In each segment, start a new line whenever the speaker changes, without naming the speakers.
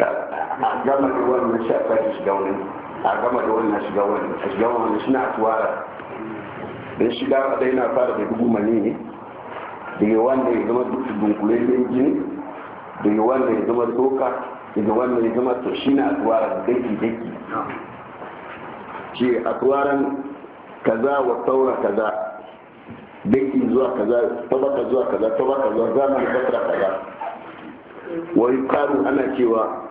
a gama da wannan shafa shiga wani a gama da wannan shiga wani a shiga wani shi na tuwara don shiga wadai na fara da dubu mani ne daga wanda ya zama duk mai jini daga wanda ya zama doka daga wanda ya zama to shi na tuwara da daki daki ce a tuwaran kaza wa taura kaza daki zuwa kaza tabaka zuwa kaza tabaka zuwa zamani fatara kaza wani karu ana cewa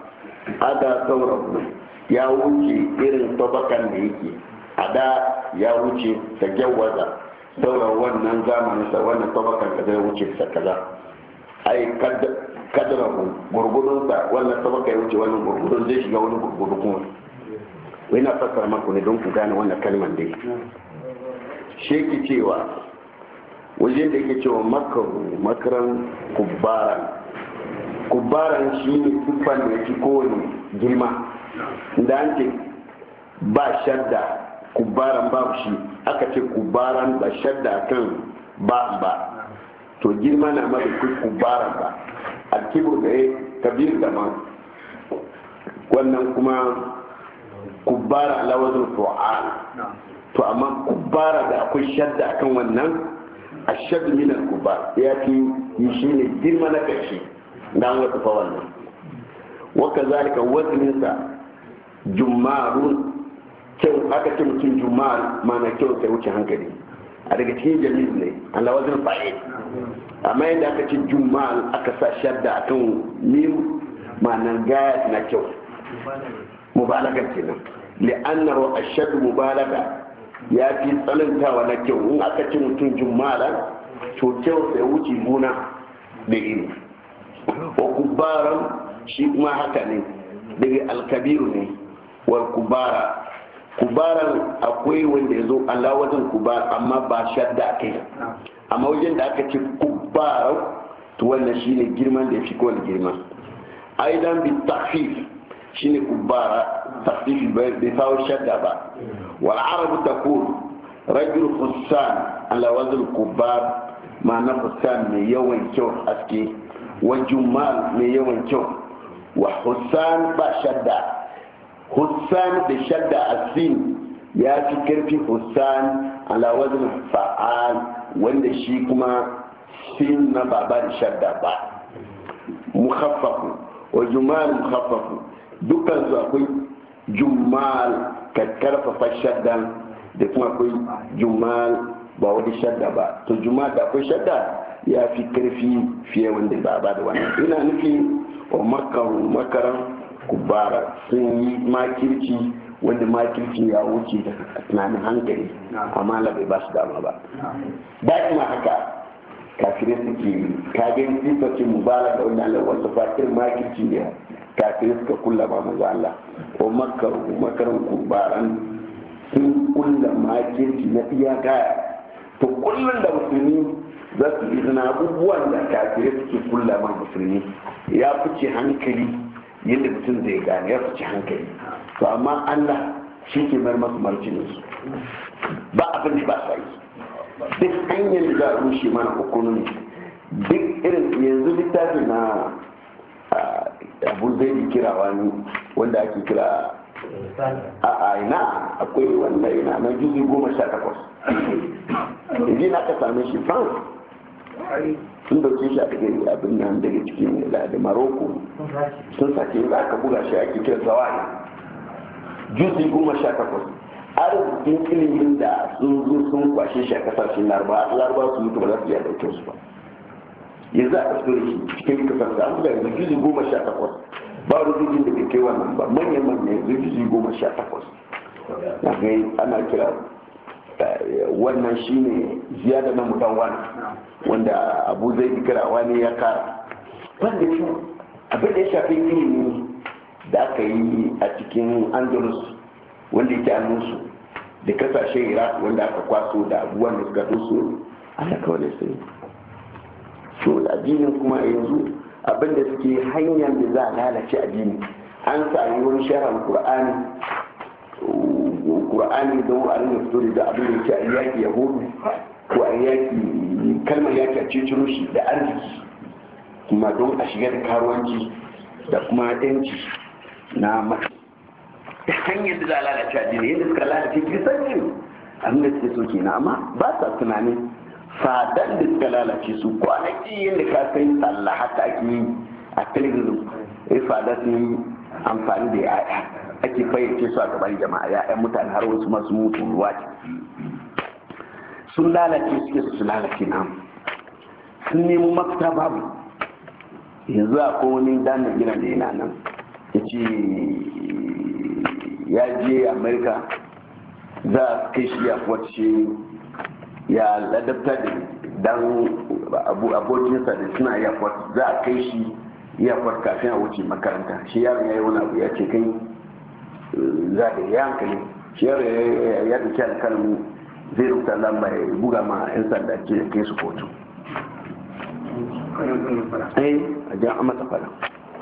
ada saurabu ya wuce irin tabakan da yake a da ya wuce ta gyawaza sauran wannan zamanin sa wannan tabakan da zai wuce sa kaza ai kadarahu gurgurun sa wannan tabaka ya wuce wannan gurgurun zai shiga wani gurgurun kuma wai na fassara maku ne don ku gane wannan kalmar dai sheki cewa wajen da yake cewa makaru makaran kubbaran kubaran shi ne siffan da yake kowane girma da an ce ba shadda kubaran babu shi aka ce kubaran ba shadda kan ba ba to girma na mara kubaran ba alkibir da ya kabir da ma wannan kuma kubara lawazin fu'al to amma kubara da akwai shadda akan wannan a min minan kubar ya fi shi ne girma na kashi dan wata fa wannan wa kazalika wazininsa jumarun kyau aka ce mutum jumar mana kyau sai wuce hankali a daga cikin jami'in ne Allah wazin fa'i amma yadda aka ce jumar aka sa shadda akan mim ma'anar gaya na kyau mubalaga kenan li'annahu ashaddu mubalaga ya fi tsanantawa na kyau in aka ce mutum jumala to kyau sai wuce gona da ilimi wa kubaran shi kuma haka ne daga alkabiru ne wal kubara kubaran akwai wanda ya zo Allah wajen kubara amma ba shadda kai amma wajen da aka ce kubaran to wannan shine girman da ya fi kowane girma aidan bi tafif shine kubara tafif bai kawo shadda ba wal arabu taqul rajul khussan ala wazn kubar na khussan mai yawan kyau aske wa jummal mai yawan kyau wa hussan ba shadda hussan da shadda a ya fi karfi hussan ala wazin fa'al wanda shi kuma sin na baba da shadda ba mukhaffafu wa jumal mukhaffafu dukkan su akwai jummal ka karfafa shaddan da kuma akwai jummal ba wani shadda ba to jummal da akwai shadda ya fi karfi fiye wanda ba ba da wannan ina nufi wa makaru makaran kubara sun yi makirci wanda makirci ya wuce da tunanin hankali amma labe ba su dama ba ba ma haka kafirai suke yi kagen sifacin mubala da wanda Allah wasu fatir makirci ne kafirai suka kulla ba maza Allah wa makaru makaran kubaran sun kulla makirci na iyaka ta kullum da musulmi za su izina abubuwan da kafirai suke kulla ma musulmi ya fice hankali yadda mutum zai gane ya fice hankali to amma allah shi ke mayar masu martinin su ba abin da ba sa yi duk hanyar da za a rushe mana hukunan duk irin yanzu littafin na abu zai kira wani wanda ake kira a aina akwai wannan yana na juzi goma sha takwas yanzu na ka same shi france sun dauke shi a cikin abin nan daga cikin da maroko sun sake za ka buga shi a cikin zawari juzi goma sha takwas arzikin ilimin da sun zo sun kwashe shi a kasashen larba larba su mutu ba za su iya dauke su ba yanzu a kasar shi cikin kasar da an yanzu juzi goma sha takwas ba rubutun da ke kai wannan ba manyan manyan juzi goma sha takwas na gai ana kira wannan shine ziyada na mutan wani wanda abu zai kirawa ne ya kara ban da shi abin da ya shafi ilimi da aka yi a cikin andalus wanda ya yake annunsu da kasashen iraq wanda aka kwaso da abu da suka doso
ana kawai da sai
so addinin kuma yanzu abin da suke hanyar da za a lalace addini an sami wani sharar qur'ani qur'ani da wa arin fito da abin yake a yaki yahudu ko a yaki kalmar yaki a ciciro shi da arziki kuma don a shiga da karuwanci da kuma yanci na mata ta hanyar da za a lalace addini yadda suka lalace ne abin da suke so na, amma ba sa tunanin fadan da suka lalace su kwanaki yadda ka sai sallah haka ake yi a television ya fada sun yi amfani da ya'ya ake fayyace su a gaban jama'a ya'yan mutane har wasu masu mutu ruwa sun lalace suke su lalace na sun nemo mafita babu yanzu a wani dan gina da yana nan ya ce ya je amerika za a kai shi ya kwace ya ladabta da dan abokinsa da suna ya za a kai shi ya kafin a wuce makaranta shi yaron ya yi wani abu ya ce kai zahiri ya hankali shi yaro ya kyan alkalmi zai rubuta lamba ya buga ma 'yan sanda ke kai su kotu eh a jan amata fara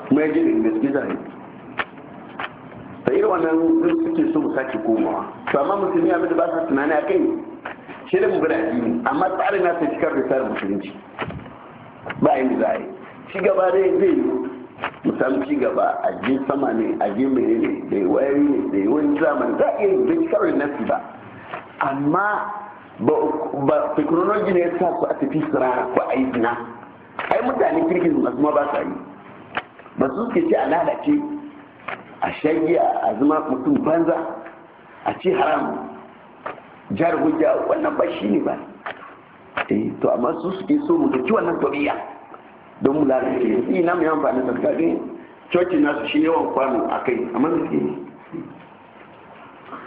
kuma ya jirin da suke zahiri ta irin wannan zai suke so mu sake komawa to amma musulmi abin da ba sa tunani a kai shi da mu bi addini amma tsarin na sai cikar da tsarin musulunci ba yin da za a yi shi gaba dai zai yi musan ci gaba a je sama ne a je mere ne da yi wayoyi ne da yi wani zamani za a iya yin kawai su ba amma ba teknoloji ne ya sa ku a tafi sirara ko a yi zina ai mutane kirkin masu ma ba sa yi ba su suke ce a lalace a shagiya a zama mutum banza a ci haram jar hujja wannan ba shi ne ba eh, to amma su suke so mu wannan tabiya don mu lalace yi na mai amfani da kaɗin coci su shi yawan kwano a kai a da ke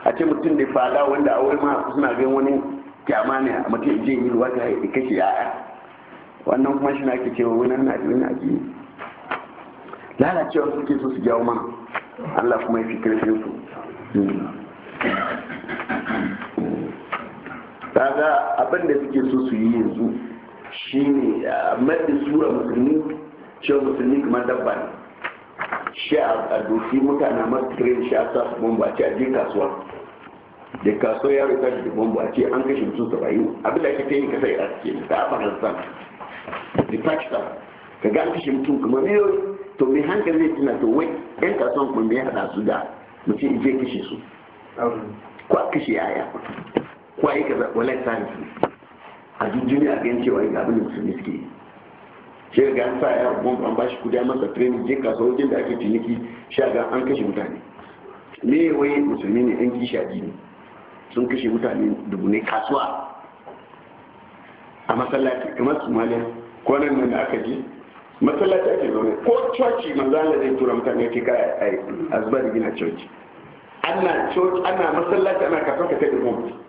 a ce mutum da fada wanda a wuri ma suna gan wani kyama ne a mutum je yi ruwa ta haiti kashe yaya wannan kuma shi na ke cewa wani na ji wani yi. lalacewa suke so su jawo mana allah kuma ya fi karfin su kaga abin da suke so su yi yanzu shi ne a matsi sura musulmi ce musulmi kamar dabba ne shi a doki mutane masu shi a sa su bomba ce a je kasuwa da kasuwa ya rika da bomba ce an kashe mutum su rayu abin da ake ta yin kasa iraq ke da afghanistan da pakistan ka ga an kashe mutum kamar yau to mai hankali zai tuna to wai yan kasuwan kuma mai hada su da mutum je kashe su ko a kashe yaya ko a yi kaza wallahi sani a jirgin a gan cewa ga abin da musulmi suke shi ga an sa ya bom an bashi kudi masa training je wajen da ake ciniki shi ga an kashe mutane me wai musulmi ne yan kisha jini, sun kashe mutane dubu ne kasuwa a masallaci kamar somalia kwanan nan da aka ji masallaci ake zaune ko coci manzo da zai tura mutane ya ke a azbar gina coci ana coci ana masallaci ana kafa ka ta da bomb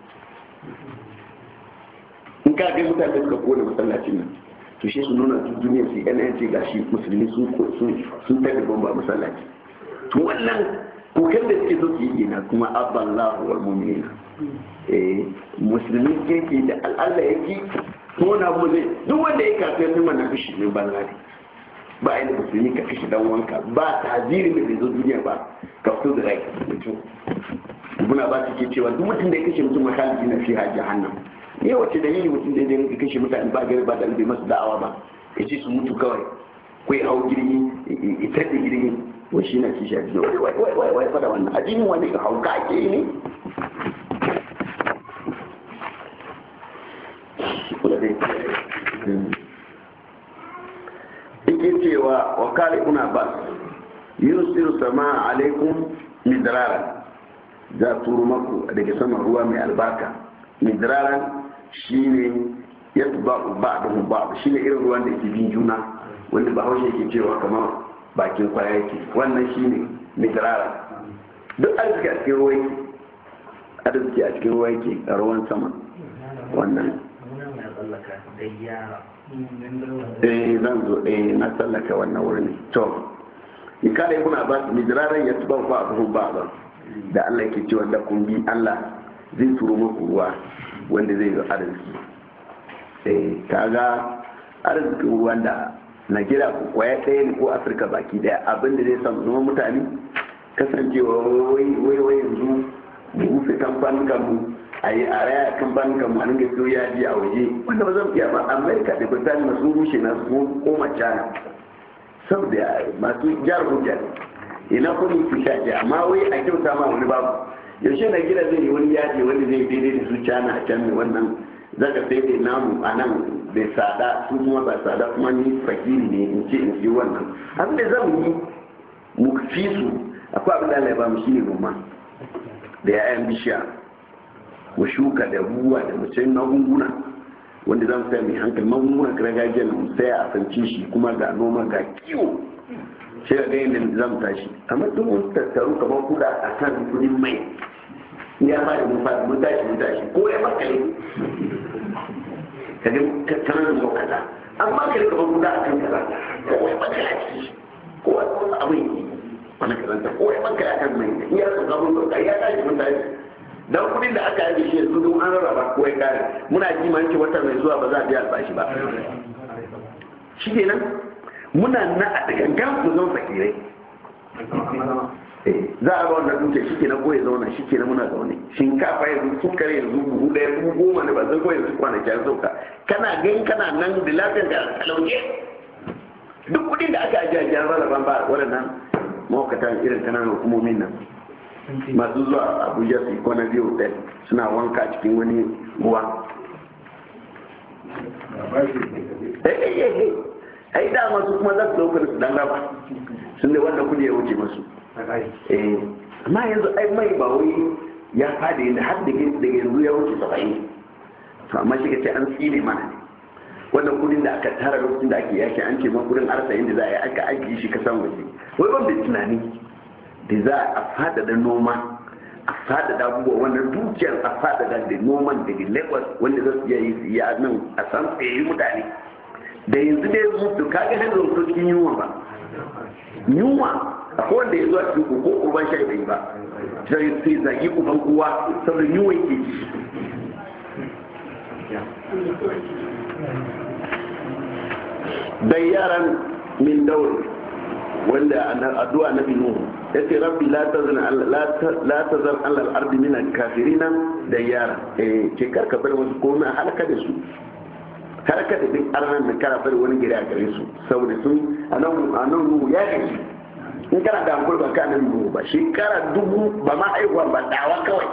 ka kai mutane suka kone masallacin nan to shi su nuna su duniya su yana ga gashi musulmi sun sun sun tafi bomba masallaci to wannan kokan da suke so yi na kuma aballahu wal mu'minina eh musulmi yake da al'ada yake ko na mu duk wanda ya kafe sai wannan kishi ne banza ne ba da musulmi ka fushi dan wanka ba ta ziri mai zo duniya ba ka fito da rai mutum muna ba su ke cewa duk mutum da ya kashe mutum makalici na fi hajji hannan ne wace dalili mutum da ya kashe mutane ba gari ba da bai masu da'awa ba ka ce su mutu kawai ko ya hau girgi ita da girgi wa shi na ci a jini wai wai fada wannan a wani ka hauka ake yi ne yake cewa wa kare kuna ba yusiru sama alaikun midrara za turu maku daga saman ruwa mai albarka midraran shine ya ba ba da ba shine irin ruwan da ke bin juna wanda ba haushe yake cewa kamar bakin kwaya yake wannan shine mitrara duk arziki a cikin ruwa yake arziki a cikin ruwa yake a ruwan sama wannan eh zan zo eh na tsallaka wannan wurin to in kada ba su midraran ya tuba ba abu ba da Allah ke cewa da kun bi Allah zai turo muku ruwa wanda zai yi arziki sai eh, kaga arzikin wanda na gida kwaya ɗaya ne ko afirka baki daya abin da zai samu zama mutane kasancewa wai wai yanzu mu rufe kamfanin kanmu a yi a raya kamfanin kanmu a ninka siyo ji a waje wanda ba zan iya ba amerika da birtaniya masu rushe na su koma china saboda masu jihar ina kuma su shaje amma wai a kyauta ma wani babu yaushe na gida zai yi wani yaji wani zai daidai da su cana a can wannan zaka sai dai namu a nan bai sada su kuma ba sada kuma ni fakiri ne in ce in ji wannan abin da zan yi mu fi su akwai abin da Allah ya ba mu ne goma da ya'yan bishiya mu shuka da ruwa da mace na magunguna wanda zan sai mai hankali magungunan gargajiya na saya a sanci shi kuma ga noma ga kiwo sai ga yadda zan tashi amma duk wasu tattaru kamar kuda a kan kudin mai ya ma da mun fara mun tashi mun tashi ko ya makale ka ga kana da kaza amma kai ka bar guda akan kaza ko ya makale a ko wani abu yi wani karanta ko ya makale akan mai ya ka ga mun ya tashi mun tashi dan kudin da aka yi shi yanzu don an rarraba ko ya kare muna ji man ce wata mai zuwa ba za a biya albashi ba shi nan muna na a gan mu zama fakirai za a ba wannan dutse shi kenan ko ya zauna shi kenan muna zaune shinkafa yanzu sukari yanzu buhu ɗaya dubu goma ne ba zai ko yanzu kwanaki kyan zauka kana gan kana nan da lafiyar da talauke duk kuɗin da aka ajiye ajiyar ban ba waɗannan mahaukatan irin kanan hukumomin nan masu zuwa abuja su kwana biyu ɗaya suna wanka cikin wani ruwa eh, eh, eh, ai dama su kuma za su ɗaukar su dan raba sun da wanda kuɗi ya wuce masu Eh, amma yanzu ai mai ba wai ya fada yanzu har da yanzu ya wuce saba'in to amma shi ce an tsine mana ne wannan kudin da aka tara lokacin da ake yaki an ce ma kudin arsa da za a yi aka aiki shi kasan waje wai ban da tunani da za a da noma a da abubuwa wannan dukiyar a fadada da noman da da lagos wanda za su iya yi siya nan a san tsayayi mutane da yanzu dai zuwa kaga hanyar sokin yunwa ba yunwa ko wanda ya zuwa cikin ko uban shi bai ba sai zagi uban uwa saboda yiwon ke ji dai yaran min daure wanda addu'a na binu ya ce rabbi la zan allal ardi minan nan da yara ke eh, karka bar wasu komai a halaka da su karka da duk arnan da kara bar wani gari a gare su saboda sun nan nuhu ya gaji in kana da hankali ba ka nan dubu ba shekara dubu ba ma aiwa ba dawa kawai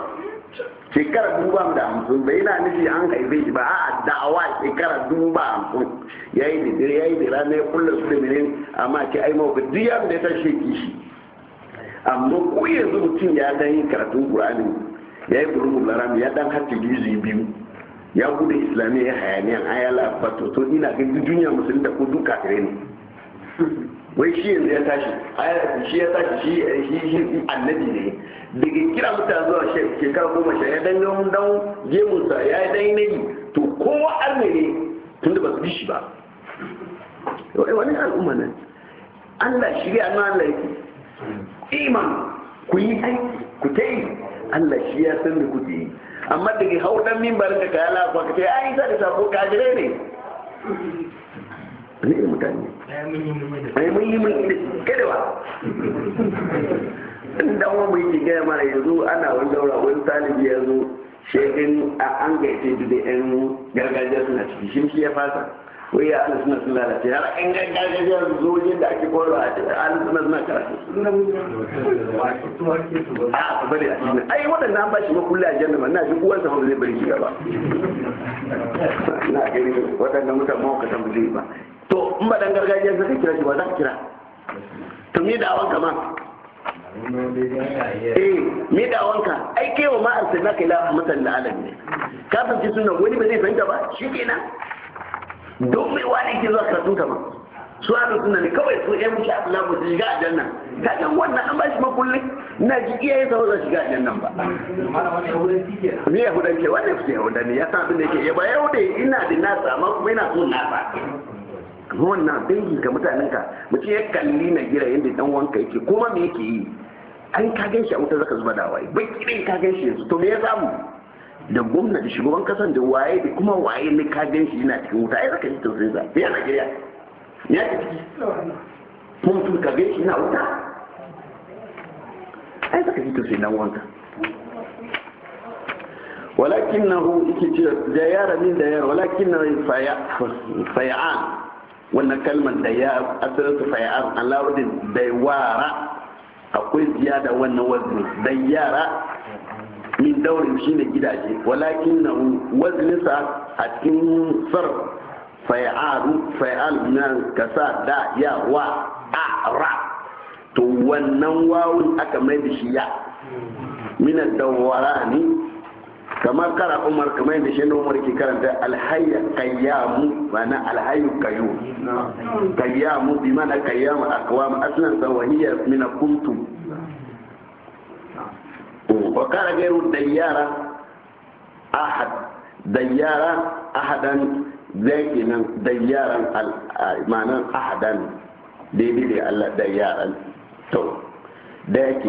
shekara dubu ba da hamsin ba yana nufi an haife shi ba a dawa shekara dubu ba hamsin ya yi da dare ya yi da rana ya kulla su da mene amma ke aima ba duk da ya tashi ki shi amma ko yanzu mutum ya dan yi karatun qur'ani ya yi bulugul laram ya dan hatta juzu biyu ya gudu islamiyya ya hayaniyan ayala fato to ina ga duniya musulunta ko duka ne wai shi yanzu ya tashi shi ya tashi shi shi annabi ne daga kira mutane zuwa shekara goma sha ya dan dan gemunsa ya yi dan yi to kowa arme ne tun da ba su bi shi ba eh, wani al'umma nan Allah shirya na Allah yake iman ku yi aiki ku ta yi Allah shi ya san da ta yi amma daga hau dan mimbar da kayala lafa ka yi ai sai sabo kajire ne ne mutane mai mun yi mun yi kadewa in dan wani mai ke gaya mana yanzu ana wani daura wani talibi ya zo a an gaice da yan gargajiya suna ciki shi ya fasa wai ya ala suna sun lalace har an ga gajajiyar zojin da ake koyarwa a ala ah, suna suna karatu a a ai waɗanda an bashi makulla a janna ma na ji uwan sa zai bari shiga ba na gani waɗanda mutane mawakatan ba zai ba to in ba dan gargajiya zaka kira shi ba za ka kira to me da wanka ma eh me da wanka ai kewa ma arsalna kai la mutan alamin ka fahimci sunan wani ba zai fahimta ba shi kenan don mai wani ke zuwa karatu ta ma su hannun suna ne kawai su yan wuce abu lamu su shiga a jannan ta ɗan wannan an ba shi makullin na ji iyaye sa wanda shiga a jannan ba ne ya hudan ke wannan fiye hudan ne ya san abin da ke yaba yau da ina da nasa amma kuma ina so nasa wannan dangi ga mutanen ka mutum ya kalli na gira yadda dan wanka yake kuma me yake yi an ka gan shi a wuta zaka zuba da wai bai kiran ka gan shi yanzu to me ya samu da gwamna da shugaban kasan da waye da kuma waye ne ka gan shi yana cikin wuta ai zaka ji tausayin sa me yana gariya
ya ta ciki kuma mutum ka gan shi yana wuta
ai zaka ji tausayin dan wanka da yara, من na yi faya'an wannan kalmar da ya su faya'an alawudin da wara akwai ziyada wannan wazin da yara min daurin shine gidaje walakin na wazininsa a cikin sar fa'aru fa'al nan kasa da ya wa a ra to wannan wawun aka mai da shi ya min dawara ni? kamar kara umar kamar da shi umar ke karanta alhayya kayyamu mana alhayyu kayu kayyamu bi mana kayyamu akwam aslan sawahiyya min kuntum wa kana gairu dayyara ahad dayyara ahadan zai kenan dayyaran ma'anan ahadan daidai da Allah dayyaran to da yake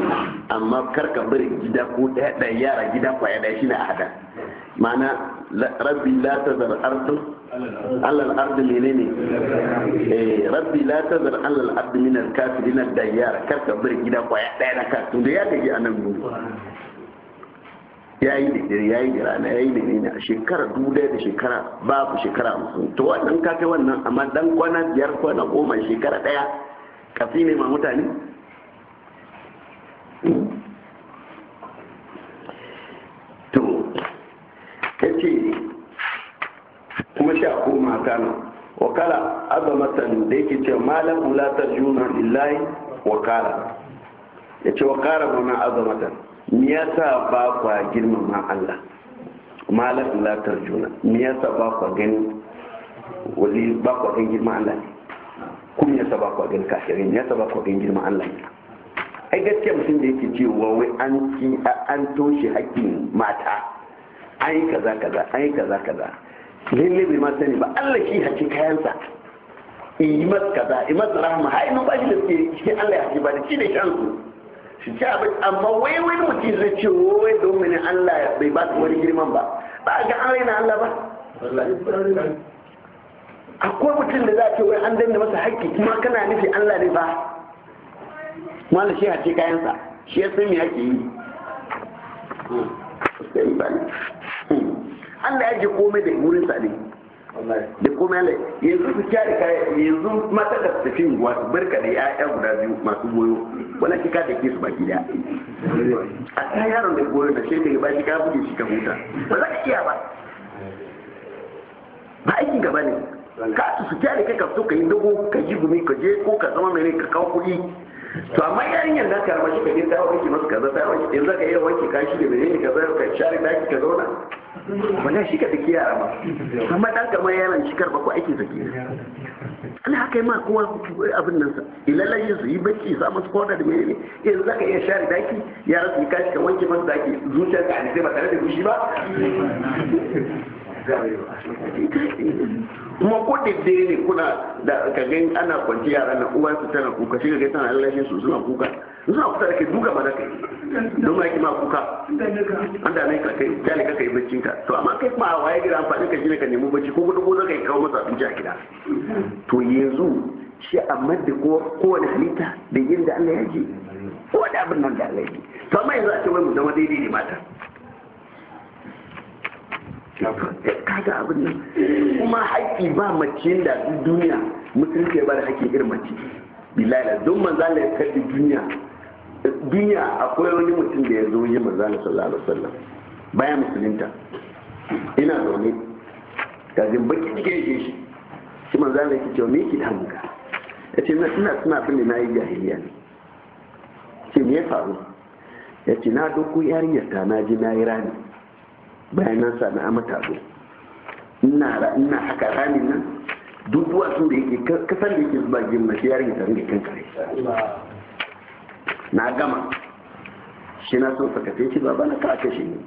amma karka bari gida ko daya dayyara gida kwaya daya shine ahadan mana rabbi la tazar ardu alal ardu menene eh rabbi la tazar alal ardu min al kafirin al dayyar kar ka bar gida kwaya daya na ka da ya gaji a nan gudu yayi da dare yayi da rana yayi da ne a shekara dubu daya da shekara babu shekara hamsin to wannan ka kai wannan amma dan kwana biyar kwana goma shekara daya kafi ne ma mutane ta ce kuma sha ko mata na wakala azamatan da yake ce malam la juna lillahi wakala ya ce wakala mana azamatan me yasa ba kwa girmama Allah malam la juna me yasa ba kwa gani wali ba kwa gani girma Allah ne kuma yasa ba kwa gani kafirin yasa ba kwa gani girma Allah ai gaskiya mutum da yake cewa wai an an toshe hakkin mata an yi kaza kaza an yi kaza kaza lalle bai ma sani ba Allah shi haƙi kayansa in yi masa kaza in masa rahama har inu bashi da suke shi Allah ya haƙi ba da shi da shansu shi ci abin amma wai wani mutum zai ce wai domin Allah bai ba su wani girman ba ba a ga an raina Allah ba akwai mutum da za a ce wai an danna masa haƙƙi kuma kana nufi Allah ne ba malam shi haƙi kayansa shi ya san me ake yi
hmm. sai
Allah ya ji komai da wurin sa ne da komai Allah yanzu su kyare kaya yanzu mata da tafi unguwa su barka da ya'ya guda biyu masu goyo wala ki ka da ke su baki da a ta yaron da goyo da sai ka ba shi ka buge shi ka huta ba za ka iya ba ba aikin gaba ne ka su kyare kai ka fito ka yi dogo ka ji gumi ka je ko ka zama mai ka kawo kuɗi to amma yarinyar da ka rama shi ka je ta wani kaza ta wanke in zaka iya wanke kashi da ka kaza ka share daki ka zauna wannan shi ka take yara ma amma dan kamar yaran shi ba ku ake take Allah haka ma kowa abin nan sa ilalla yin su yi bacci za mu koda da menene in zaka iya share daki yaran su kashi ka wanke masu daki zuciya ka ne ba tare da gushi ba kuma ko da dare ne kuna da ka gani ana kwanci yaran na uwa su tana kuka shi ga tana shi su suna kuka zuwa kusa da ke duka ba kai don ma yake ma kuka an da nan ka kai kyale ka kai baccin ka to amma kai kuma waye gida amfani ka shine ka nemi bacci ko gudu ko zaka yi kawo masa abinci a gida to yanzu shi a madda kowane halitta da yadda Allah ya ji ko da abin nan da Allah ya ji to amma yanzu a ce wai mu zama daidai ne mata kaga abin nan kuma haƙƙi ba mace da duniya mutum ke ba da haƙƙi irin mace bilaila don manzala ya kalli duniya duniya akwai wani mutum da ya zo yi manzana sallallahu alaihi wasallam baya musulunta ina zaune kajin baki cike yake shi shi manzana yake cewa me yake damu ka ya ce na ina suna ne na yi jahiliya ne ce me ya faru ya ce na doko yarinyar ta na ji na yi rani bayan nan sa na amata zo ina haka ramin nan duk duwatsun da yake kasar da yake zuba gina shi yarinyar ta rinka kankare na gama shi na son sakace shi ba bana ka kashe ni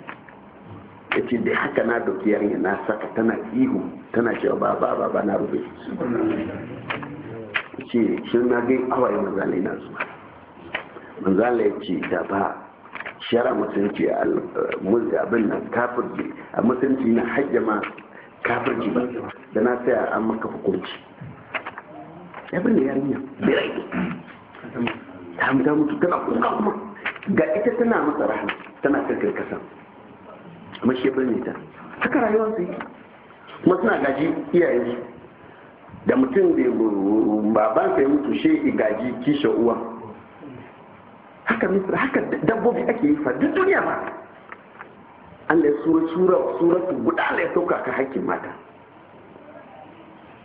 ya ce dai haka na doki yarinya na saka tana ihu tana cewa ba ba na rufe ce shi na gai awaye manzalai na zuwa manzalai ya ce da ba shara musulunci abin nan kafirci a musulunci na hajjama kafirci ba da na saya an maka hukunci ya da yarinya birai ta ta mutu tana kuka kuma ga ita tana masa rahama tana karkar kasa amma shi birni ta haka rayuwar su kuma suna gaji iyaye. da mutum da baban sai mutu shi gaji kishe uwa haka misra haka dabbobi ake yi fa duk duniya ma Allah ya sura sura suratu guda Allah ya sauka ka hakkin mata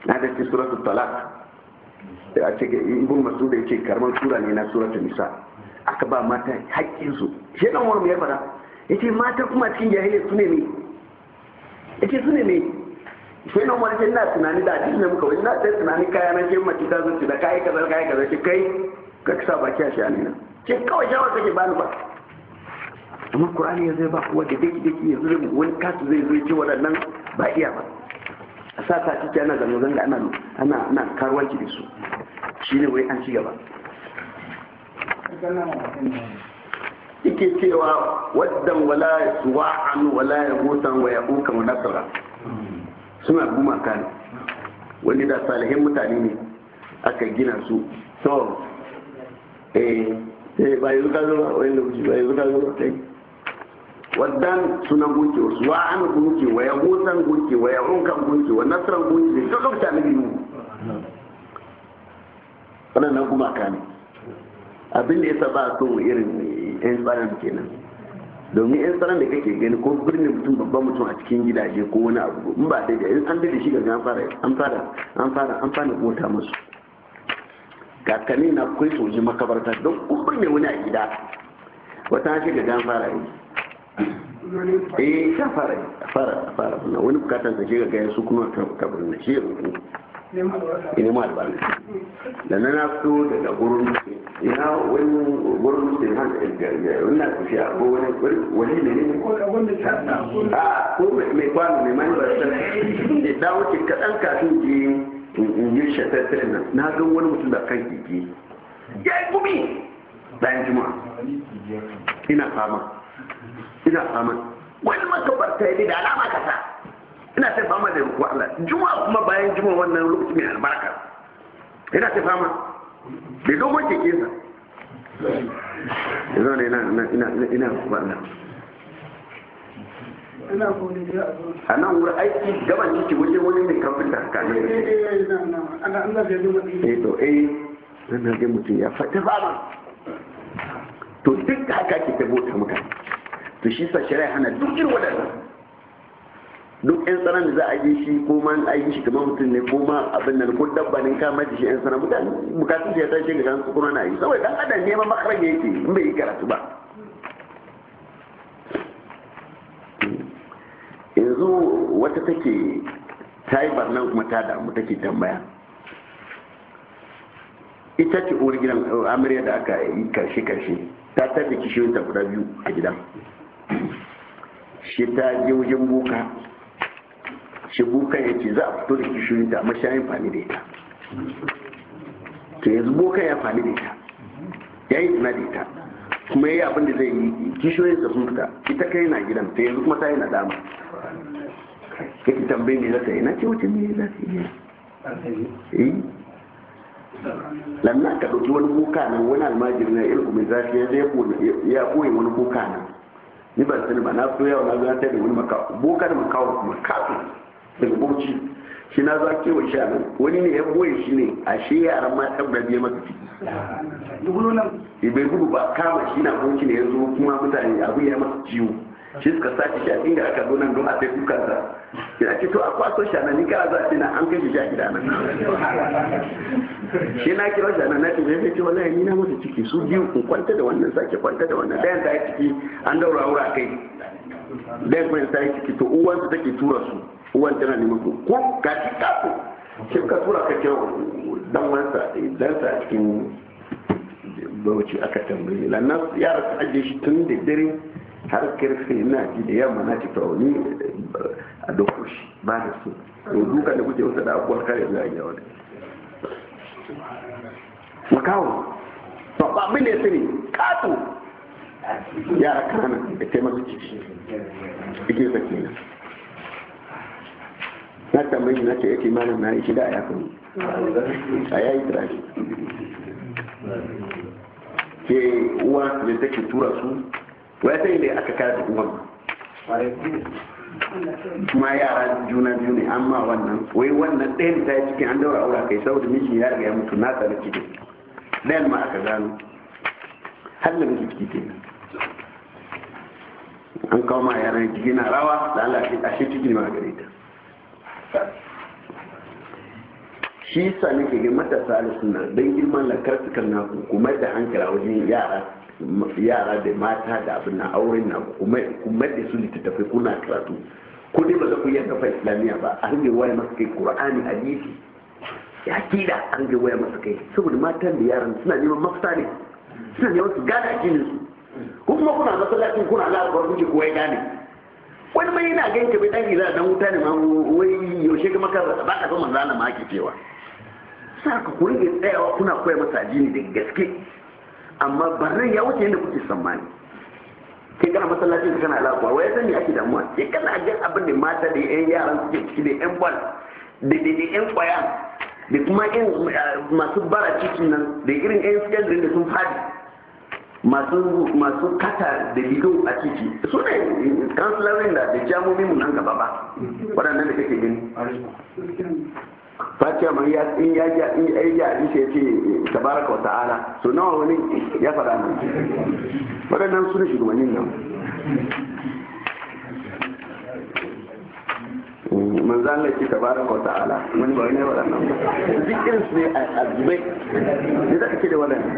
na da suratu talaq a ce ibn masud da ce karman sura ne na suratul nisa aka ba mata haƙƙin su shi dan wani ya fara yace mata kuma cikin jahiliya su ne me yace su ne me shi nan wani na tunani da hadisi ne muka wani na sai tunani kaya na ce mace ta zuci da kai kaza kai kaza ce kai ka sa baki a shani na ce kawai shawar kake ni ba amma qur'ani ya zai ba kuwa da dake dake yanzu wani kasu zai zo ya ce waɗannan ba iya ba a sa ta ciki ana zanga-zanga ana ana karuwanci da su shi ne wai an ci gaba ike cewa waddan wala ya suwa an wala ya hutan wa ya wa nasara suna guma kane wani da salihin mutane ne aka gina su to eh sai eh, bayan zuka zuwa wani lokaci bayan zuka zuwa kai waddan sunan gunki wasu wa an gunki wa yahudan gunki wa yarunkan gunki wa nasran gunki duk lokacin annabi nuhu waɗannan gumaka ne abin da sa ba a so irin yan tsaron kenan domin yan tsaron da kake gani ko birnin mutum babban mutum a cikin gidaje ko wani abu in ba daidai in an daidai shi ga an fara an fara an fara an fara bota musu kakanni na kai soji makabarta don kuma birne wani a gida wata shi ga an fara yi
eh sha
fara fara fara na wani bukatar ta shiga gaya su kuma ta da shi
ne ma
albarka da na fito daga gurin ina wani gurin sai har da gargajiya wannan kushi a ko wani wani ne ne a ko mai kwano mai mani ba san da dawo ki kadan kafin ji in yi shatattare nan na ga wani mutum da kan kiki ya yi gumi bayan juma'a ina fama ina fama wani makabarta ya da alama kasa ina ta fama da ruku Allah juma kuma bayan juma wannan lokaci mai albarka ina ta fama bai dogon keke sa yanzu ne ina ina ina ina ruku ina a nan wuri aiki gaban ciki wajen wani mai kamfin da ne eh, eh, eh, eh to eh nan ga mutum ya fata fama to duk haka ke ta mutane to shi sa shari'a hana duk irin waɗannan duk yan tsaron da za a yi shi ko ma a yi shi kamar mutum ne ko ma abin nan ko dabba ne ka mai shi yan tsaron mutane bukatun shi ya tashi ga kan kuma na yi saboda dan adam neman makarar ne yake in bai yi karatu ba yanzu wata take ta yi barnan kuma ta damu take tambaya ita ce uwar gidan eh, amarya da aka yi karshe karshe ta tabbaki shi ta guda biyu a gidan shi ta je wajen buka shi buka ya ce za a fito da kishiyoyi ta mashayin fani da ita to yanzu buka ya fani da ita ya yi tuna da ita kuma ya yi abin da zai yi kishiyoyin sa sun fita ita kai na gidan ta yanzu kuma ta yi nadama yake tambayi ne za ta yi na ce wace ne za ta yi eh. lannan ka ɗauki wani kuka nan wani almajiri na irin mai zafi ya koyi wani kuka nan ni ban sani ba na so yawa na zo ta da wani makafu bokar makafu makafu daga bauchi shi na zo kewa shi nan wani ne ya boye shi ne a shi yaran ma da biya masa ciki bai gudu ba kama shi na bauchi ne ya zo kuma mutane abu ya masa ciwo shi suka sace shi a inda aka zo nan don a sai dukansa. sa ya ce to a kwaso shi ni kana za ce na an kai shi a gida nan shi na kira shi nan na ce bai ce wallahi ni na musu ciki su biyu in kwanta da wannan sake kwanta da wannan dayan ta yi ciki an daura wura kai dayan kuma ta yi ciki to uwan su take tura su uwan tana neman ku ko ka ci kafu shi ka tura ka kira dan wansa dan eh, sa cikin bauchi aka tambaye lannan yara su ajiye shi tun da dare har karfe na ji da yamma na ci tauni a doko shi ba da su to duka da kuke wasa da abuwar kare zuwa gida wani makawo ba ba abin da ya sani kato yara kanana da kai ciki ike sa kenan na tambayi na ce yake malam na yi shida a yakuni a yayi tirashi ke uwa da take tura su wai sai ne aka kare kuma kuma yara juna biyu ne amma wannan wai wannan ɗayan ta yi cikin an daura aura kai saboda miji ya riga ya mutu na tsara ciki ɗayan ma aka gano hallin jiki ke an kawo ma yaran jiki na rawa da Allah a shi ciki ma gare ta shi sa nake ga matasa alisun na don girman lakar su kan na hukumar da hankala wajen yara yara da mata da abin na auren na kuma da su littattafai kuna karatu ko dai ba za ku yanka fa islamiyya ba an ga waya masu kai qur'ani hadisi ya kida an ga waya masu kai saboda matan da yaran suna neman mafita ne suna neman su gane addinin su ko kuma kuna masallacin kuna la'akar kuke kowa ya gane wani mai yana ganin ka bai dan gida dan wuta ne ma wai yaushe ga maka ba ka san manzo ma ake cewa saka ku rige tsayawa kuna koya masa addini da gaske amma barnan ya wuce yadda kuke tsammani kai kana masallacin ka kana alaƙuwa wai san me ake damuwa sai kana ga abin da mata da yan yaran suke ciki da yan bal da da yan kwaya da kuma yan eh, masu bara cikin nan da irin yan secondary da sun fadi masu masu kata da lido a ciki su ne kansilarin eh, da da jamomin mu nan gaba ba waɗannan da kake gani face mai ya in ya ja in ya ja in ce ce tabaraka wa ta'ala so nawa wani ya fara mai wadannan sunan shugabannin nan manzo Allah ki tabaraka wa ta'ala wani ba ne wadannan duk irin su ne a zubai ne da kake da wadannan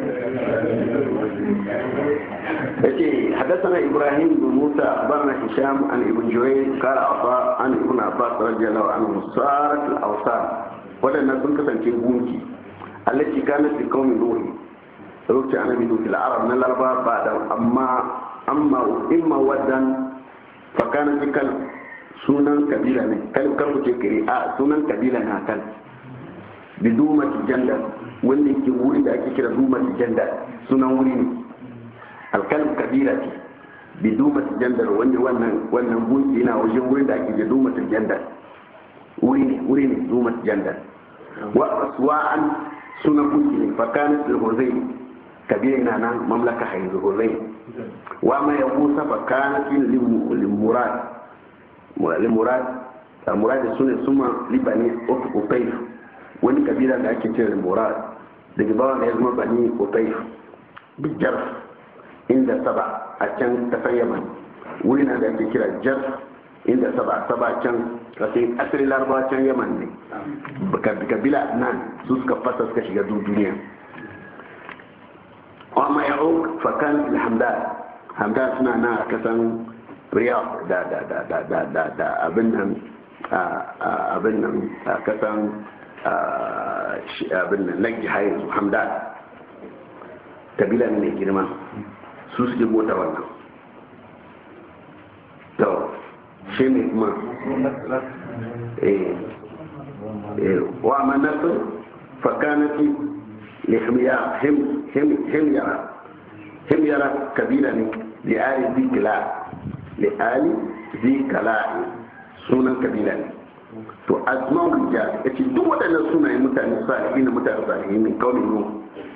yace hadathana ibrahim bin musa akhbarna hisham an ibn juwayr qala afa an ibn abbas radiyallahu anhu sarat al-awsar wadannan sun kasance gunki allati kanat li qaumi ruhi lokacin annabi lutu al-arab na larba ba da amma amma imma wadan fa kana bi kalb sunan kabila ne kan ku ce kare a sunan kabila na kan bi dumati janda wanda yake wuri da ake kira duma janda sunan wuri ne alkalin kabila ce bi dumati janda wanda wannan wannan gunki yana wajen wuri da ake kira dumati janda wuri ne wuri ne duma janda wa aswa'an sunan gunki ne fakan al-huzay kabila na nan mamlaka hayy huzay wa ma yaqusa fakan lil murad المراد المرad su ne suma libani utaif wani kabila da ake cewa murad daga bawa da ya zama bani utaif bijar inda saba a can kasar yaman wuri na da ake kira jar inda saba saba can kasi asiri larabawa can yaman ne kabila nan su suka fasa suka shiga duniya wa ma ya'uk fakan alhamdar hamdar suna na kasan riyadh da da da da da da da abin nan abin nan kasan abin nan lagi har yanzu hamdan kabilan ne girma su suke mota wannan to shi ne kuma eh, eh, wa manasir fakanati lihmiya him him him yara him yara kabila ne ayi ali dikla li ali zi kala'i sunan kabila ne to rija rijal ce duk waɗannan sunayen mutane salihin na mutane salihin min kauli nu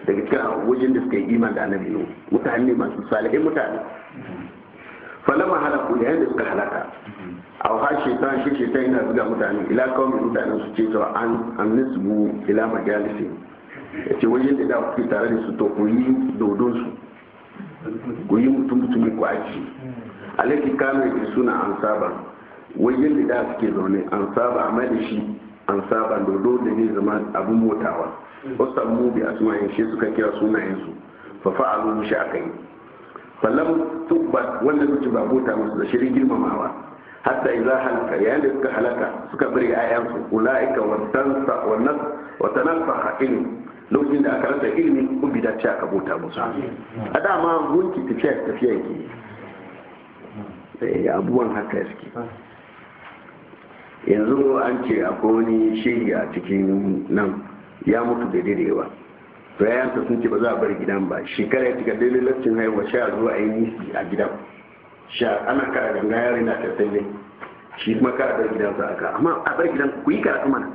daga cikin wajen da suka yi iman da annabi nu mutane ne masu salihin mutane falama halaku yayin da suka halaka aw ha shaitan shi shaitan yana zuga mutane ila kawai mutanen su ce to an an nisbu ila majalisi ce wajen da da kuke tare da su to ku yi dodon su ku yi mutum mutumi ku aji alaki kano yake suna an saba wajen da suke zaune an saba amma da shi an saba dodo da ne zama abin motawa wasu mu bi asma'in shi suka kira sunayen su fa fa'alu shi aka yi fallam tubbat wanda suke ba bota musu da shirin girmamawa hatta idza halaka yayin da suka halaka suka bari ayyansu ulaika wa tansa wa nas wa tanaffaha ilmi lokacin da aka rasa ilmi ubida ce aka bota musu a dama ki tafiya tafiya ke. sai ga abubuwan haka suke yanzu an ce akwai wani shege a cikin nan ya mutu da direwa to ya yanta sun ce ba za a bar gidan ba shekara ya cika daidai lokacin haihuwa sha zuwa a yi nisi a gidan sha ana kara ganga yare na ne shi kuma kara bar gidan gidansa aka amma a bar gidan ku yi karatu mana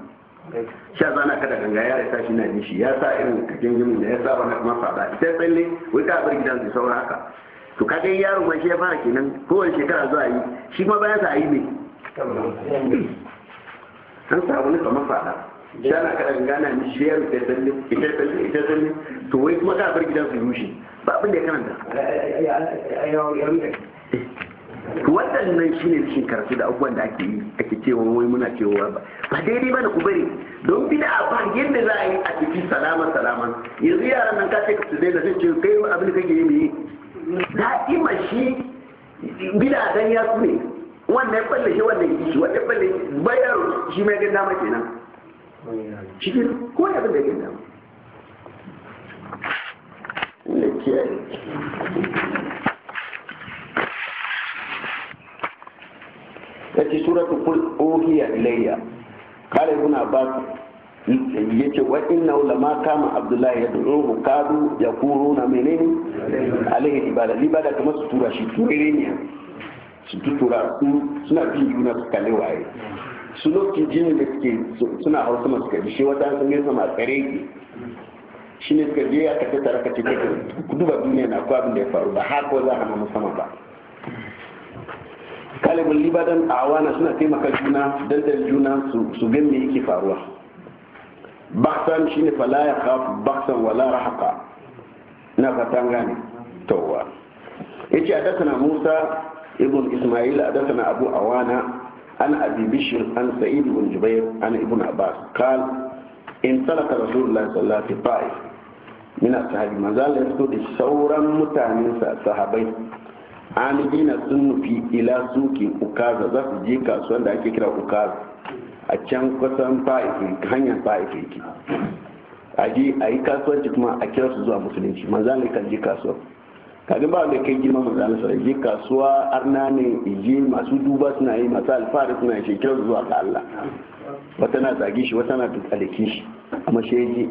sha zana kada ganga ya ta shi na nishi ya sa irin kakin jimin da ya saba na kuma fada ita tsalle wai a bar gidan su saura haka to kaga yaro ma shi ya fara kenan kowace shekara zuwa yi shi ma bayan sa yi ne an samu ne kamar fada shana kada gana ni shi yaro ita tsalle ita tsalle ita tsalle to wai kuma ka bar gidan su rushe ba abin da ya karanta waɗannan shi ne cikin karatu da abubuwan da ake yi ake cewa wai muna cewa ba ba daidai ba da ku bari don bida a ba yadda za a yi a tafi salama salama yanzu yaran nan ka ce ka su daina sai ce kai abin da kake yi ne da'ima shi bidadan ya su ne wannan balle shi wannan yi shi wannan balle bayar shi mai ganda ma kenan shi ke ko ya bin da ganda ma ta ce suratul qul uhiya ilayya qala ibn abbas yace wa inna ulama kama abdullahi ya du'uhu kadu ya kuruna menene alaihi ibada ibada kamar su tura shi turere ne su tutura su suna bin juna su kalle waye su lokacin jini da suke suna hau sama suka ji shi wata sun gaisa ma tsare ki shi ne suka je aka ta tara ka ce ku duba duniya na ko abin da ya faru ba har ko za a hana musamman ba kalibin libadan a awana suna taimaka juna dandal juna su gan me yake faruwa baksan ne fala ya khafu baksan wala rahaka na fatan gane tawwa yace hadathana Musa ibn Isma'il hadathana Abu Awana an Abi Bishr an Sa'id ibn Jubair an Ibn Abbas qal in salaka Rasulullah sallallahu alaihi wasallam min ashabi manzal ya da sauran mutanen sa sahabai an gina sun nufi ila suki ukaza za su je kasuwan da ake kira ukaza a can kusan fa'ifin hanyar fa'ifin ki a ji a yi kasuwanci kuma a kira su zuwa musulunci ne kan je kasuwa kafin ba wanda kai girma manzan sa je kasuwa arna ne je masu duba suna yi masu alfahari suna yi shekira su zuwa ga Allah wata na zagi shi wata na tutsalake shi amma shi je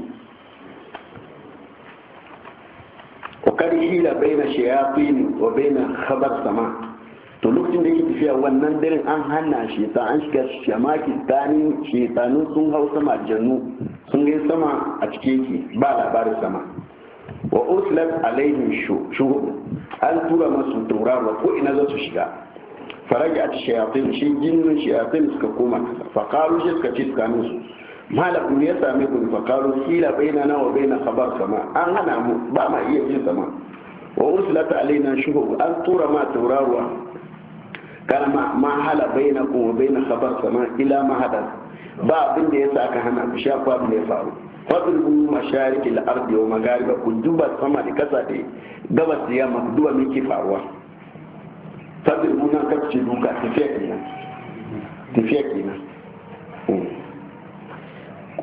وقد حيل بين شياطين وبين خبر sama' to lokacin da yake tafiya wannan dare an hana shi ta an shiga shamaki tani shetanu sun hau sama jannu sun yi sama a cikin ki ba labarin sama wa uslat alaihim shuhud an tura masu turarwa ko ina za su shiga faraji a shayatin shi jinnin shayatin suka koma fa qalu shi suka ci tsakanin su malakun ya same ku fa qalu kila bainana wa baina khabar sama an hana mu ba ma iya jin sama wa uslat alaina shuhud an tura ma turarwa قال ما ما حال بينكم وبين خبر سماء إلى ما حدث ba abin da ya sa ka hana ku sha ku abin da ya faru fadl bu mashariki al-ardi wa magariba ku duba sama da kasa da gabas da yamma duba me ke faruwa fadl bu na ka ce duka tafiya kenan tafiya kenan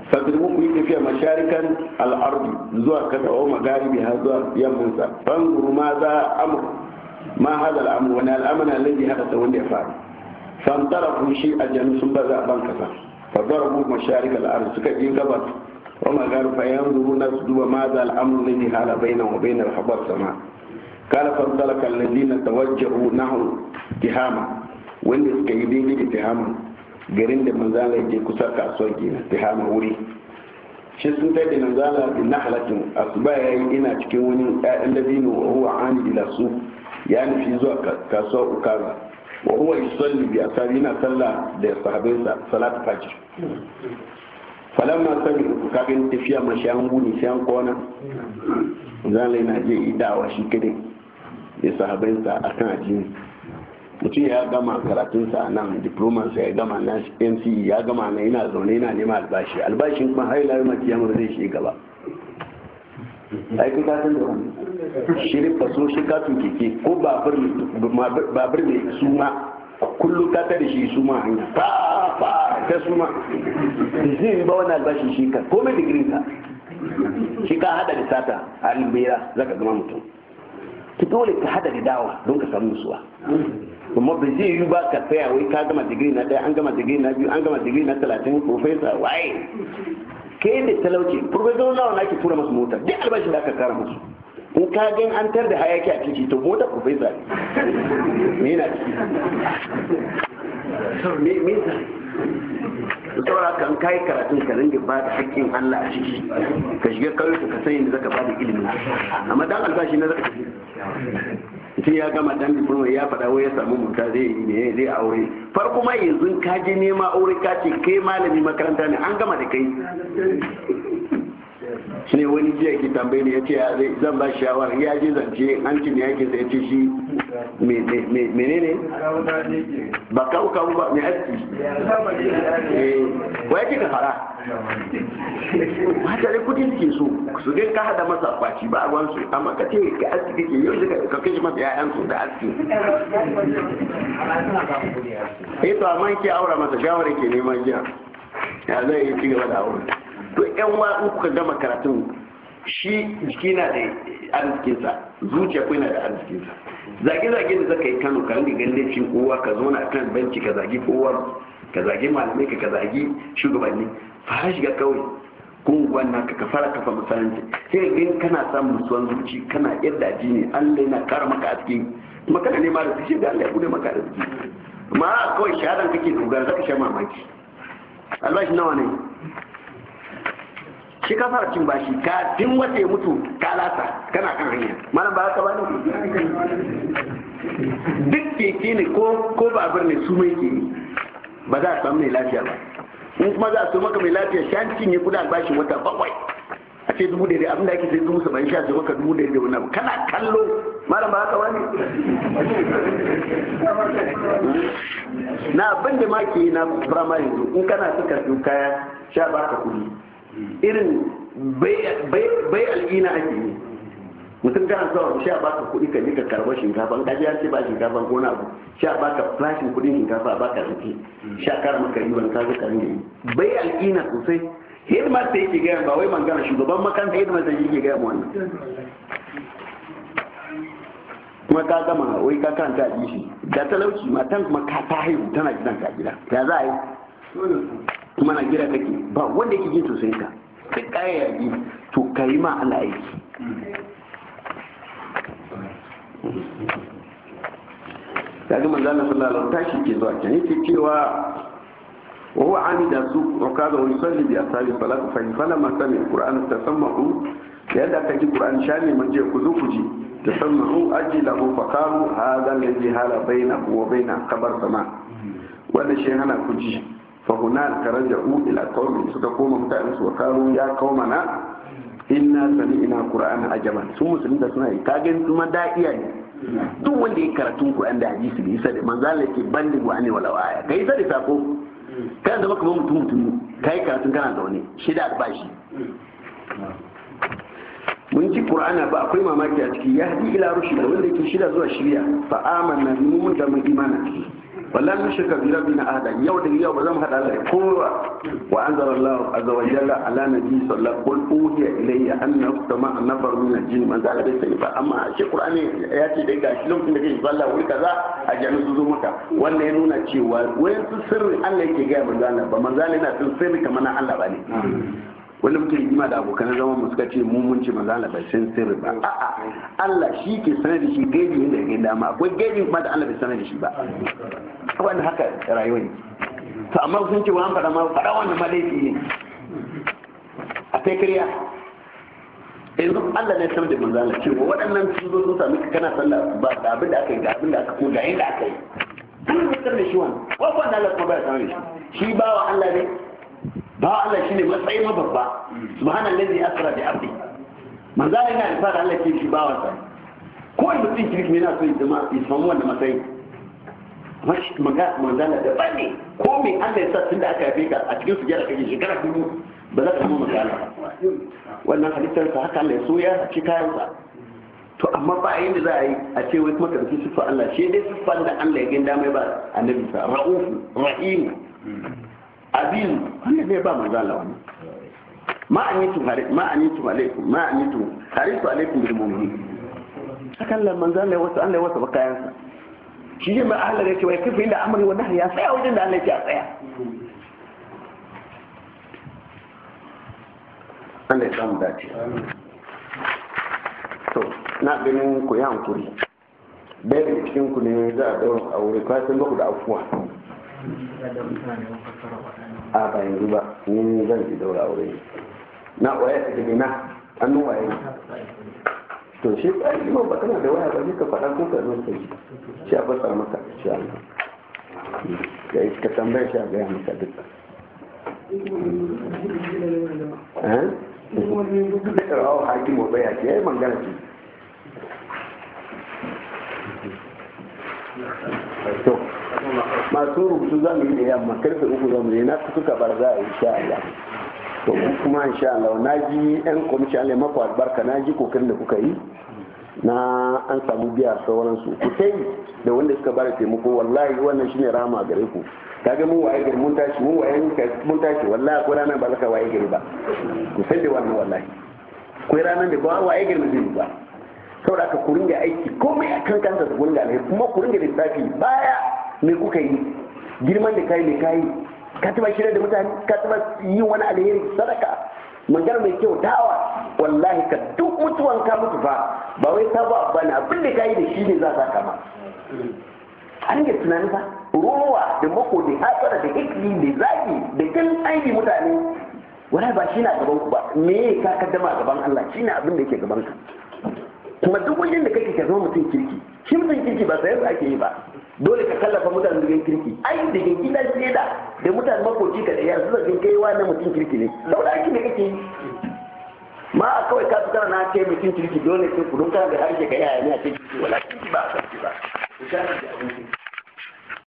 fadl bu ku yi tafiya masharikan al-ardi zuwa kasa wa magaribi har zuwa yamman sa fanzuru ma za amur ma hada al'amur wani al'amana alladhi ta wanda ya faru fantarafu shi a jami sun baza a banka sa fa darabu masharik al'ard suka je gabas wa magar fa na su duba ma za al'amur alladhi hala bainahu wa bainal habar sama kala kan fantalaka na tawajjahu nahwu tihama wanda suka yi daidai da tihama garin da manzala je kusa kasuwar gina tihama wuri shi sun taɗe nan zala da nahlatin asuba yi ina cikin wani ƴaƴan dabino wa huwa ani ila su ya nufi zuwa kasuwa ukara wa huwa yusalli bi asari yana sallah da sahabbai salat fajr falamma sami uku kagin tafiya ma shi an buni shi an kona zalai na je idawa shi kade da sahabbai sa kan ajini mutum ya gama karatunsa a nan diplomansa ya gama na mce ya gama na yana zaune yana neman albashi albashin kuma har ila yau mace yamma zai shi gaba ai kai ka san da wani shirin faso shi katon keke ko babur mai suma kullum ka ta da shi suma hanya fa fa ta suma zai ba wani albashi shi ka komai digirin ka shi ka hada da sata a albera za ka zama mutum ki dole ka hada da dawa don ka samu musuwa kuma ba zai yi ba ka tsaya wai ka gama digiri na ɗaya an gama digiri na biyu an gama digiri na talatin profesa waye kai da talauci profesor nawa ke tura musu mota duk albashin da aka kara musu in ka gan an tar da hayaki a titi to mota zai ne na ciki me sa saboda kan kai karatun ka ringe ba da hakkin Allah a ciki ka shiga kawai ka san inda zaka ba da ilimi amma dan albashi na zaka sai ya gama dan diploma ya faɗa wai ya samu muta zai yi ne zai aure farko ma yanzu ka je nema aure ka ce kai malami makaranta ne an gama da kai ne wani jiya ki tambaye ne ya ce zan ba shawara ya je zance an ci ne yake sai ya ce shi menene ba kawo kawo ba mai aski eh, waya yake ka fara Wajen kudin ke so su dai ka hada masa kwaci ba ruwan su amma ka ce ka aski kake yau da ka kashe masa yayan su da aski eh to amma ke aura masa shawara ke neman jiya ya zai yi cigaba da aure to yan wa'u kuka gama karatun shi jiki na da arzikinsa zuciya ko yana da arzikinsa zage-zage da zaka yi kano ka rinka ganin laifin kowa ka zo na kan banki ka zagi kowa ka zagi malamai ka zage zagi shugabanni fara shiga kawai kunguwan na ka fara kafa masaranci sai gani kana samun musuwan zuci kana yadda ji ne allah yana kara maka aski kuma kana nema da su da allah ya bude maka aski ma kawai shahadan kake dogara zaka sha mamaki albashi nawa ne shi ka fara cin bashi ka din wata ya mutu ka lasa kana kan hanya malam ba ka ba ne duk keke ne ko ko babur ne su mai ke ba za a samu mai lafiya ba in kuma za a so maka mai lafiya shanti ne kudan bashi wata bakwai a ce dubu daidai abinda ake sai dubu saba'in sha ce maka dubu daidai wani kana kallo malam ba haka ba na abin da ma ke yi na firamare yanzu in kana suka kaya sha ba ka kudi irin bai al'ina ake yi mutum kana zuwa sha baka kuɗi ka nika karɓar shinkafa ka ji ce ba shinkafa ko na abu sha baka flashin kuɗin shinkafa ba ka rufe sha kara maka riban ka ga karin yi bai al'ina sosai hidimar ta yake gaya ba wai magana shugaban makaranta hidimar ta yake gaya mu wannan kuma ka gama wai ka karanta a shi da talauci matan kuma ka ta haihu tana gidan ka gida ya za a yi kuma na gira kake ba wanda yake jin sosai ka kai kaya yaji to ka yi ma Allah aiki Ya zama Allah sallallahu alaihi tashi ke zuwa can yake cewa wa huwa amida su wakaza wa yusalli bi ashabi salatu fa ma sami alquran tasammahu yadda aka ji qur'an shani mun je ku zo ku ji tasammahu ajilahu fa qalu hadha alladhi hala bainahu wa baina qabr sama Wanda shi hana ku ji فهناك رجعوا إلى قوم سدقوا ممتعن وقالوا يا قومنا إنا سمعنا قرآن عجبا ثم سمعنا سنة كاجن ثم دائيا duk wanda ya karatun Qur'an da hadisi bai isa da manzo Allah yake balli wa ani wala waya kai sai da ko kai zama kamar mutum mutum kai karatun kana zaune shida albashi mun ci qur'ana ba akwai mamaki a ciki yahdi ila da wanda yake shida zuwa shirya, fa amanna mun da mun imana wallan mishi kabira bin adam yau da yau ba zan hada da kowa wa anzala Allah azza wa jalla ala nabi sallallahu alaihi wasallam uhiya ilayya anna kutama nafar min al-jinn man zalika bai sani ba amma shi qur'ani ya ce dai gashi lokacin da kake sallah wuri kaza a jami su zo maka wannan ya nuna cewa wayan su sirri Allah yake ga manzo Allah ba manzo Allah yana sirri kamar na Allah ne. mutum muke rigima da abokan zama mu suka ce mun ce manzo na bai san sirri ba a'a Allah shi ke sanar da shi gaibi inda ya gaida ma akwai gaji kuma da Allah bai sanar da shi ba wannan haka rayuwa ne to amma sun ce wa an fara ma fara wannan ma laifi ne a kai kariya yanzu Allah ne sanar da manzo na cewa waɗannan sun zo sun sami kana sallah ba da abin da aka yi da abin da aka ko da aka yi an yi da shi wannan wannan Allah kuma bai sanar da shi shi bawa Allah ne ba Allah shi ne shine matsayin babba subhanallazi asra bi abdi manzo yana da fara Allah ke shi bawa sa ko mutum kirki ne yana so zama ya samu wannan matsayi mashi maga manzala da bane ko me Allah ya sa da aka yafe ka a cikin sujjada kake shekara dubu ba za ka samu magana wannan halittar sa haka Allah ya so ya ci kayan sa to amma ba yanda za a yi a ce wai kuma karfi siffar Allah shi dai siffar da Allah ya gani dama ba annabi sa ra'uf rahim abin wanda bai ba manzo Allah wani ma anitum ma anitum alaikum ma anitum harisu alaikum bil mu'minin an Allah manzo Allah wasu Allah wasu bakayan sa shi ne ma Allah ya ce wai kafi da amri wa nahyi ya tsaya wajen da Allah ya ce a tsaya Allah ya samu dace to na ganin ku ya hankuri bai da cikin ku ne za a ɗaura aure kwasan ba ku da afuwa a ba yanzu ba ni zan ji daura aure na waya ta gani na an waye to shi ba yi ba kana da waya ba ne ka faɗa ko ka zo ka yi shi a basa maka shi a ya yi ka tambaya shi a gaya maka duk da eh? rawa hakimu baya ce ya yi mangana ce to masu rubutu za mu yi da yamma karfe uku za mu yi na suka bar za a yi sha Allah to kuma insha Allah na ji yan kwamishin Allah mako albarka na ji kokarin da kuka yi na an samu biya sauransu ku sai da wanda suka bada taimako wallahi wannan shine rama gare ku kaga mun waye gari mun tashi mun waye mun tashi wallahi ko ranar ba zaka waye gari ba ku sai da wannan wallahi ko ranar da ba waye gari zai ba saboda ka ku ringa aiki komai akan kansa ku ringa alheri kuma ku ringa lissafi baya me kuka yi girman da kai me kai ka taba shirya da mutane ka taba yin wani alheri sadaka magana mai kyau dawa wallahi ka duk mutuwan ka mutu fa ba wai ta ba ba ne abin da kai da shi ne za ka kama an yi tunani fa ruwa da mako da hatsara da ikli da zaki da kan aini mutane wala ba shi na gaban ku ba me ya ka kaddama gaban Allah shi ne abin da yake gaban ka kuma duk wajen da kake ka zama mutum kirki shi mutum kirki ba sayar ake yi ba dole ka kallafa mutane da kirki ai da gangi na je da da mutane makoci ka da yanzu zan kai wa na mutum kirki ne saboda aikin da kake yi ma a kawai ka fitar na ake mutum kirki dole ke kudin kana da harshe ka yaya ne a cikin wala kirki ba a kirki ba ku sha da abinci